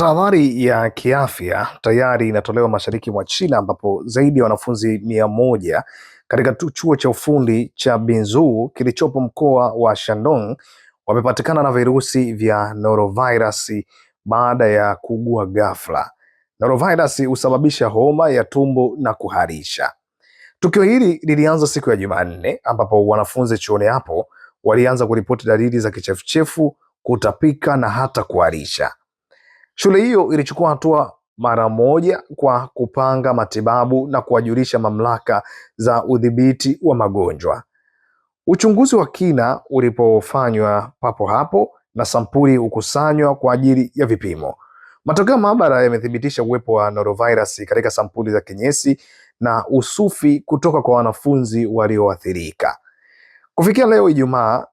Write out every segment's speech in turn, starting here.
Tahadhari ya kiafya tayari inatolewa mashariki mwa China ambapo zaidi ya wanafunzi mia moja katika chuo cha ufundi cha binzuu kilichopo mkoa wa Shandong wamepatikana na virusi vya norovirus baada ya kuugua ghafla. Norovirus husababisha homa ya tumbo na kuharisha. Tukio hili lilianza siku ya Jumanne ambapo wanafunzi chuoni hapo walianza kuripoti dalili za kichefuchefu, kutapika na hata kuharisha. Shule hiyo ilichukua hatua mara moja kwa kupanga matibabu na kuwajulisha mamlaka za udhibiti wa magonjwa. Uchunguzi wa kina ulipofanywa papo hapo na sampuli hukusanywa kwa ajili ya vipimo. Matokeo ya maabara yamethibitisha uwepo wa norovirus katika sampuli za kinyesi na usufi kutoka kwa wanafunzi walioathirika. Kufikia leo Ijumaa,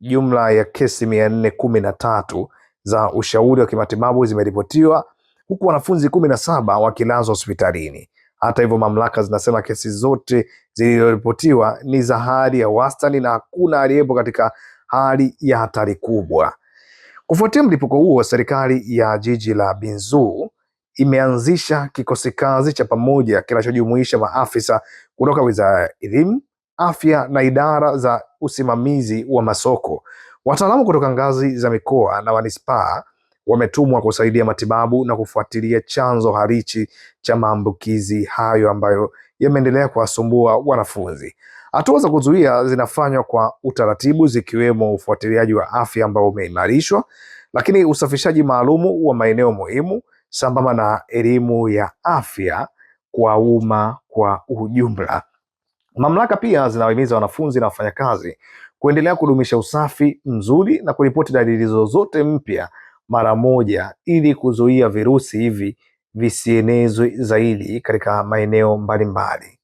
jumla ya kesi mia nne kumi na tatu za ushauri wa kimatibabu zimeripotiwa huku wanafunzi kumi na saba wakilazwa hospitalini. Hata hivyo, mamlaka zinasema kesi zote zilizoripotiwa ni za hali ya wastani na hakuna aliyepo katika hali ya hatari kubwa. Kufuatia mlipuko huo, serikali ya jiji la Binzu imeanzisha kikosi kazi cha pamoja kinachojumuisha maafisa kutoka wizara ya elimu, afya na idara za usimamizi wa masoko. Wataalamu kutoka ngazi za mikoa na manispaa wametumwa kusaidia matibabu na kufuatilia chanzo halichi cha maambukizi hayo ambayo yameendelea kuwasumbua wanafunzi. Hatua za kuzuia zinafanywa kwa utaratibu, zikiwemo ufuatiliaji wa afya ambao umeimarishwa, lakini usafishaji maalumu wa maeneo muhimu sambamba na elimu ya afya kwa umma kwa ujumla. Mamlaka pia zinawahimiza wanafunzi na wafanyakazi kuendelea kudumisha usafi mzuri na kuripoti dalili zozote mpya mara moja ili kuzuia virusi hivi visienezwe zaidi katika maeneo mbalimbali.